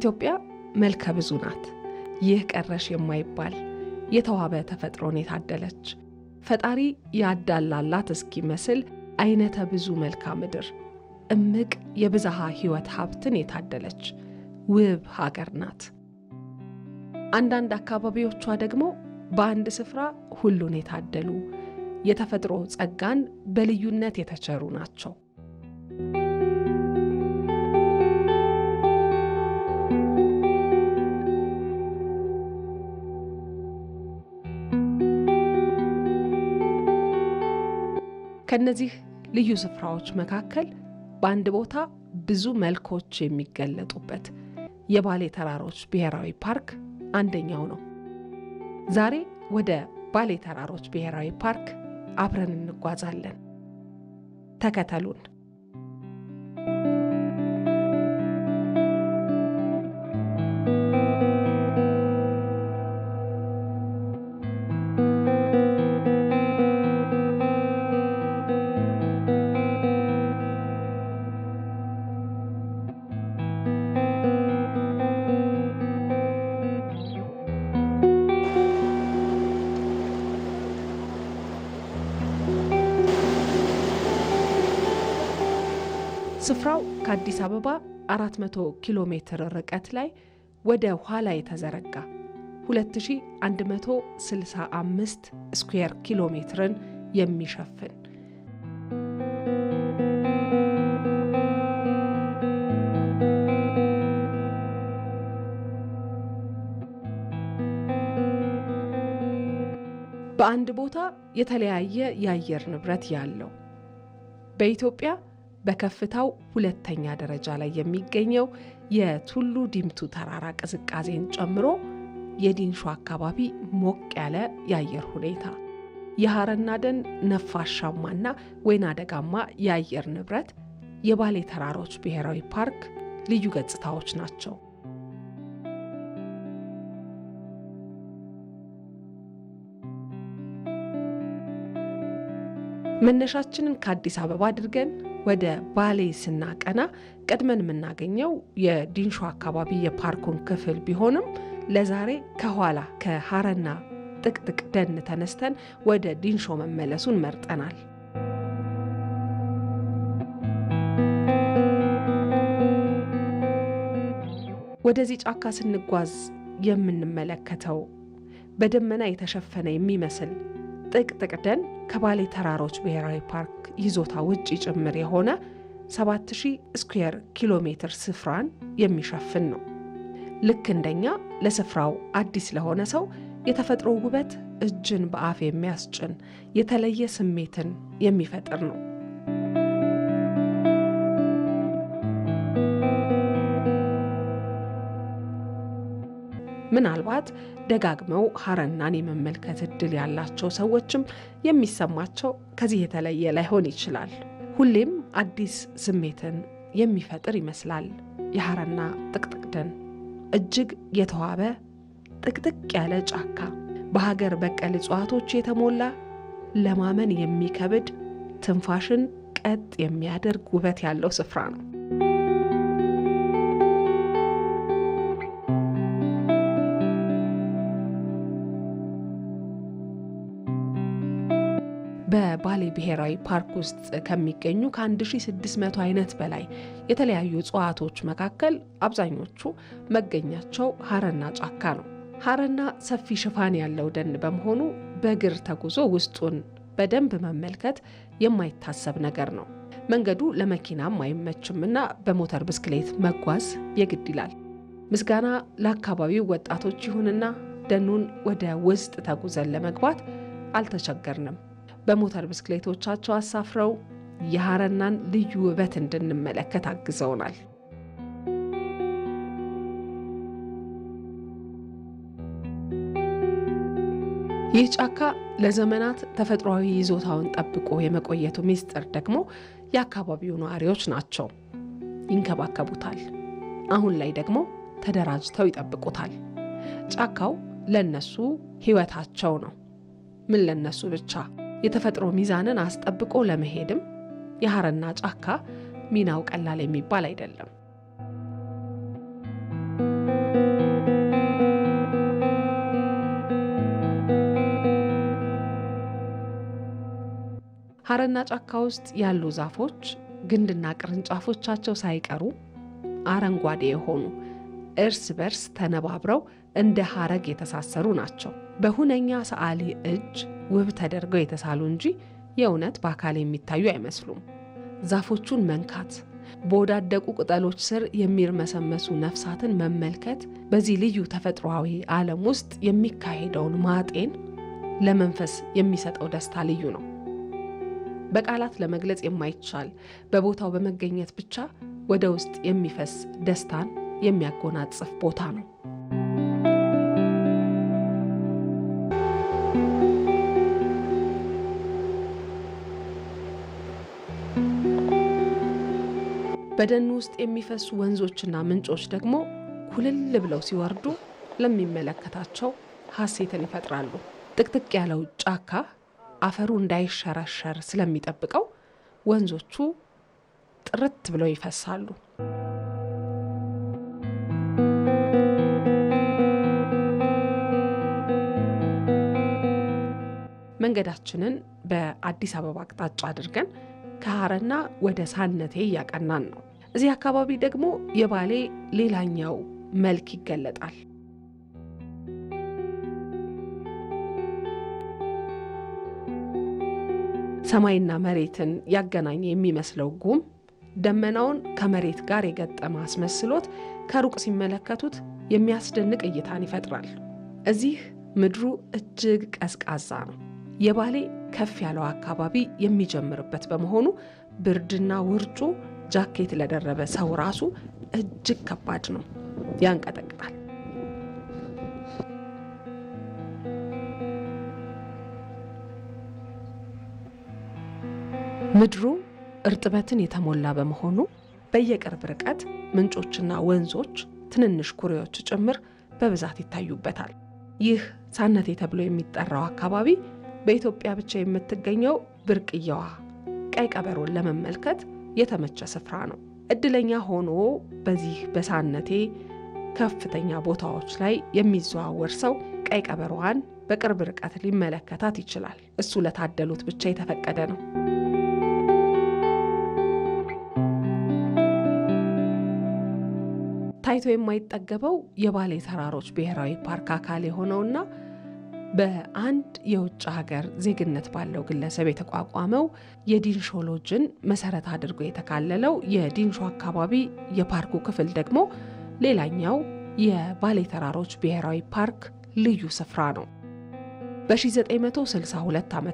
ኢትዮጵያ መልከ ብዙ ናት። ይህ ቀረሽ የማይባል የተዋበ ተፈጥሮን የታደለች ፈጣሪ ያዳላላት እስኪመስል አይነተ ብዙ መልካ ምድር እምቅ የብዝሃ ሕይወት ሀብትን የታደለች ውብ ሀገር ናት። አንዳንድ አካባቢዎቿ ደግሞ በአንድ ስፍራ ሁሉን የታደሉ የተፈጥሮ ጸጋን በልዩነት የተቸሩ ናቸው። ከነዚህ ልዩ ስፍራዎች መካከል በአንድ ቦታ ብዙ መልኮች የሚገለጡበት የባሌ ተራሮች ብሔራዊ ፓርክ አንደኛው ነው። ዛሬ ወደ ባሌ ተራሮች ብሔራዊ ፓርክ አብረን እንጓዛለን። ተከተሉን። ስፍራው ከአዲስ አበባ 400 ኪሎ ሜትር ርቀት ላይ ወደ ኋላ የተዘረጋ 2165 ስኩዌር ኪሎ ሜትርን የሚሸፍን በአንድ ቦታ የተለያየ የአየር ንብረት ያለው በኢትዮጵያ በከፍታው ሁለተኛ ደረጃ ላይ የሚገኘው የቱሉ ዲምቱ ተራራ ቅዝቃዜን ጨምሮ የዲንሾ አካባቢ ሞቅ ያለ የአየር ሁኔታ፣ የሐረና ደን ነፋሻማና ወይና ደጋማ የአየር ንብረት የባሌ ተራሮች ብሔራዊ ፓርክ ልዩ ገጽታዎች ናቸው። መነሻችንን ከአዲስ አበባ አድርገን ወደ ባሌ ስናቀና ቀድመን የምናገኘው የዲንሾ አካባቢ የፓርኩን ክፍል ቢሆንም ለዛሬ ከኋላ ከሀረና ጥቅጥቅ ደን ተነስተን ወደ ዲንሾ መመለሱን መርጠናል። ወደዚህ ጫካ ስንጓዝ የምንመለከተው በደመና የተሸፈነ የሚመስል ጥቅጥቅ ደን ከባሌ ተራሮች ብሔራዊ ፓርክ ይዞታ ውጪ ጭምር የሆነ 7000 ስኩዌር ኪሎ ሜትር ስፍራን የሚሸፍን ነው። ልክ እንደኛ ለስፍራው አዲስ ለሆነ ሰው የተፈጥሮ ውበት እጅን በአፍ የሚያስጭን የተለየ ስሜትን የሚፈጥር ነው። ምናልባት ደጋግመው ሀረናን የመመልከት እድል ያላቸው ሰዎችም የሚሰማቸው ከዚህ የተለየ ላይሆን ይችላል። ሁሌም አዲስ ስሜትን የሚፈጥር ይመስላል። የሀረና ጥቅጥቅ ደን እጅግ የተዋበ ጥቅጥቅ ያለ ጫካ በሀገር በቀል እጽዋቶች የተሞላ ለማመን የሚከብድ ትንፋሽን ቀጥ የሚያደርግ ውበት ያለው ስፍራ ነው። ብሔራዊ ፓርክ ውስጥ ከሚገኙ ከ1600 አይነት በላይ የተለያዩ እጽዋቶች መካከል አብዛኞቹ መገኛቸው ሀረና ጫካ ነው። ሀረና ሰፊ ሽፋን ያለው ደን በመሆኑ በእግር ተጉዞ ውስጡን በደንብ መመልከት የማይታሰብ ነገር ነው። መንገዱ ለመኪናም አይመችም እና በሞተር ብስክሌት መጓዝ የግድ ይላል። ምስጋና ለአካባቢው ወጣቶች ይሁንና ደኑን ወደ ውስጥ ተጉዘን ለመግባት አልተቸገርንም። በሞተር ብስክሌቶቻቸው አሳፍረው የሀረናን ልዩ ውበት እንድንመለከት አግዘውናል። ይህ ጫካ ለዘመናት ተፈጥሯዊ ይዞታውን ጠብቆ የመቆየቱ ምስጢር ደግሞ የአካባቢው ነዋሪዎች ናቸው። ይንከባከቡታል። አሁን ላይ ደግሞ ተደራጅተው ይጠብቁታል። ጫካው ለነሱ ሕይወታቸው ነው። ምን ለነሱ ብቻ የተፈጥሮ ሚዛንን አስጠብቆ ለመሄድም የሐረና ጫካ ሚናው ቀላል የሚባል አይደለም። ሐረና ጫካ ውስጥ ያሉ ዛፎች ግንድና ቅርንጫፎቻቸው ሳይቀሩ አረንጓዴ የሆኑ እርስ በርስ ተነባብረው እንደ ሐረግ የተሳሰሩ ናቸው። በሁነኛ ሰዓሊ እጅ ውብ ተደርገው የተሳሉ እንጂ የእውነት በአካል የሚታዩ አይመስሉም። ዛፎቹን መንካት፣ በወዳደቁ ቅጠሎች ስር የሚርመሰመሱ ነፍሳትን መመልከት በዚህ ልዩ ተፈጥሯዊ ዓለም ውስጥ የሚካሄደውን ማጤን ለመንፈስ የሚሰጠው ደስታ ልዩ ነው። በቃላት ለመግለጽ የማይቻል በቦታው በመገኘት ብቻ ወደ ውስጥ የሚፈስ ደስታን የሚያጎናጽፍ ቦታ ነው። በደን ውስጥ የሚፈሱ ወንዞችና ምንጮች ደግሞ ኩልል ብለው ሲወርዱ ለሚመለከታቸው ሀሴትን ይፈጥራሉ። ጥቅጥቅ ያለው ጫካ አፈሩ እንዳይሸረሸር ስለሚጠብቀው ወንዞቹ ጥርት ብለው ይፈሳሉ። መንገዳችንን በአዲስ አበባ አቅጣጫ አድርገን ከሀረና ወደ ሳነቴ እያቀናን ነው። እዚህ አካባቢ ደግሞ የባሌ ሌላኛው መልክ ይገለጣል። ሰማይና መሬትን ያገናኘ የሚመስለው ጉም ደመናውን ከመሬት ጋር የገጠመ አስመስሎት ከሩቅ ሲመለከቱት የሚያስደንቅ እይታን ይፈጥራል። እዚህ ምድሩ እጅግ ቀዝቃዛ ነው። የባሌ ከፍ ያለው አካባቢ የሚጀምርበት በመሆኑ ብርድና ውርጩ ጃኬት ለደረበ ሰው ራሱ እጅግ ከባድ ነው፣ ያንቀጠቅጣል። ምድሩ እርጥበትን የተሞላ በመሆኑ በየቅርብ ርቀት ምንጮችና ወንዞች፣ ትንንሽ ኩሬዎች ጭምር በብዛት ይታዩበታል። ይህ ሳነቴ ተብሎ የሚጠራው አካባቢ በኢትዮጵያ ብቻ የምትገኘው ብርቅየዋ ቀይ ቀበሮን ለመመልከት የተመቸ ስፍራ ነው። እድለኛ ሆኖ በዚህ በሳነቴ ከፍተኛ ቦታዎች ላይ የሚዘዋወር ሰው ቀይ ቀበሮዋን በቅርብ ርቀት ሊመለከታት ይችላል። እሱ ለታደሉት ብቻ የተፈቀደ ነው። ታይቶ የማይጠገበው የባሌ ተራሮች ብሔራዊ ፓርክ አካል የሆነውና በአንድ የውጭ ሀገር ዜግነት ባለው ግለሰብ የተቋቋመው የዲንሾ ሎጅን መሰረት አድርጎ የተካለለው የዲንሾ አካባቢ የፓርኩ ክፍል ደግሞ ሌላኛው የባሌ ተራሮች ብሔራዊ ፓርክ ልዩ ስፍራ ነው። በ1962 ዓ ም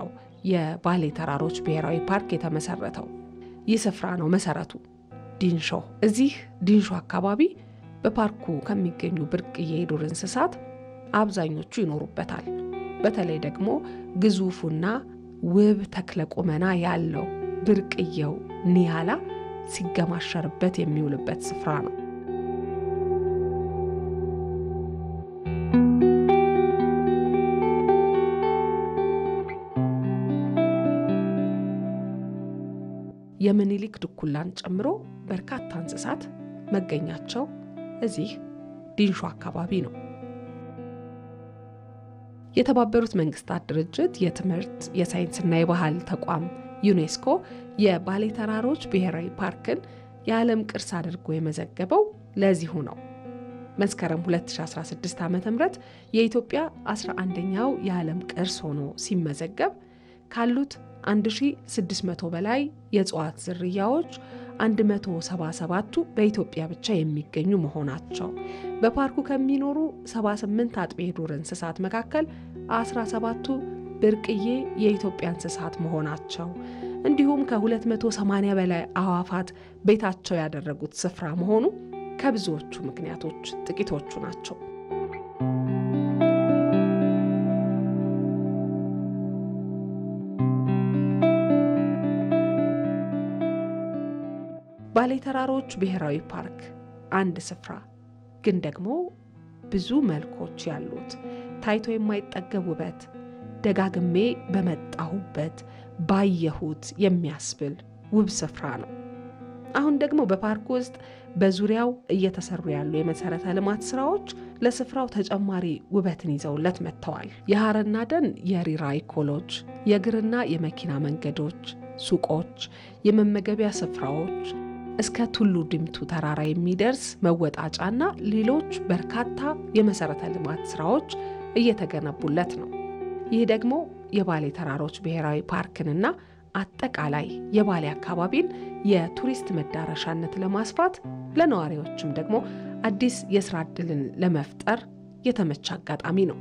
ነው የባሌ ተራሮች ብሔራዊ ፓርክ የተመሰረተው። ይህ ስፍራ ነው መሰረቱ ዲንሾ። እዚህ ዲንሾ አካባቢ በፓርኩ ከሚገኙ ብርቅዬ የዱር እንስሳት አብዛኞቹ ይኖሩበታል። በተለይ ደግሞ ግዙፉና ውብ ተክለ ቁመና ያለው ብርቅየው ኒያላ ሲገማሸርበት የሚውልበት ስፍራ ነው። የምኒልክ ድኩላን ጨምሮ በርካታ እንስሳት መገኛቸው እዚህ ዲንሾ አካባቢ ነው። የተባበሩት መንግስታት ድርጅት የትምህርት የሳይንስና የባህል ተቋም ዩኔስኮ የባሌ ተራሮች ብሔራዊ ፓርክን የዓለም ቅርስ አድርጎ የመዘገበው ለዚሁ ነው። መስከረም 2016 ዓ ም የኢትዮጵያ 11ኛው የዓለም ቅርስ ሆኖ ሲመዘገብ ካሉት 1600 በላይ የእጽዋት ዝርያዎች 177ቱ በኢትዮጵያ ብቻ የሚገኙ መሆናቸው በፓርኩ ከሚኖሩ 78 አጥቢ የዱር እንስሳት መካከል 17ቱ ብርቅዬ የኢትዮጵያ እንስሳት መሆናቸው እንዲሁም ከ280 በላይ አዋፋት ቤታቸው ያደረጉት ስፍራ መሆኑ ከብዙዎቹ ምክንያቶች ጥቂቶቹ ናቸው። ባሌ ተራሮች ብሔራዊ ፓርክ አንድ ስፍራ ግን ደግሞ ብዙ መልኮች ያሉት ታይቶ የማይጠገብ ውበት ደጋግሜ በመጣሁበት ባየሁት የሚያስብል ውብ ስፍራ ነው። አሁን ደግሞ በፓርክ ውስጥ በዙሪያው እየተሰሩ ያሉ የመሰረተ ልማት ስራዎች ለስፍራው ተጨማሪ ውበትን ይዘውለት መጥተዋል። የሐረና ደን የሪራ ኢኮሎጅ፣ የእግርና የመኪና መንገዶች፣ ሱቆች፣ የመመገቢያ ስፍራዎች፣ እስከ ቱሉ ድምቱ ተራራ የሚደርስ መወጣጫና ሌሎች በርካታ የመሰረተ ልማት ስራዎች እየተገነቡለት ነው። ይህ ደግሞ የባሌ ተራሮች ብሔራዊ ፓርክንና አጠቃላይ የባሌ አካባቢን የቱሪስት መዳረሻነት ለማስፋት ለነዋሪዎችም ደግሞ አዲስ የስራ ዕድልን ለመፍጠር የተመቸ አጋጣሚ ነው።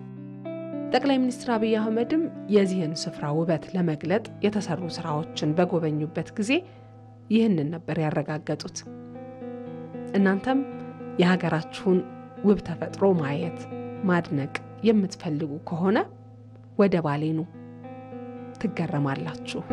ጠቅላይ ሚኒስትር አብይ አህመድም የዚህን ስፍራ ውበት ለመግለጥ የተሰሩ ስራዎችን በጎበኙበት ጊዜ ይህንን ነበር ያረጋገጡት። እናንተም የሀገራችሁን ውብ ተፈጥሮ ማየት፣ ማድነቅ የምትፈልጉ ከሆነ ወደ ባሌ ኑ፣ ትገረማላችሁ።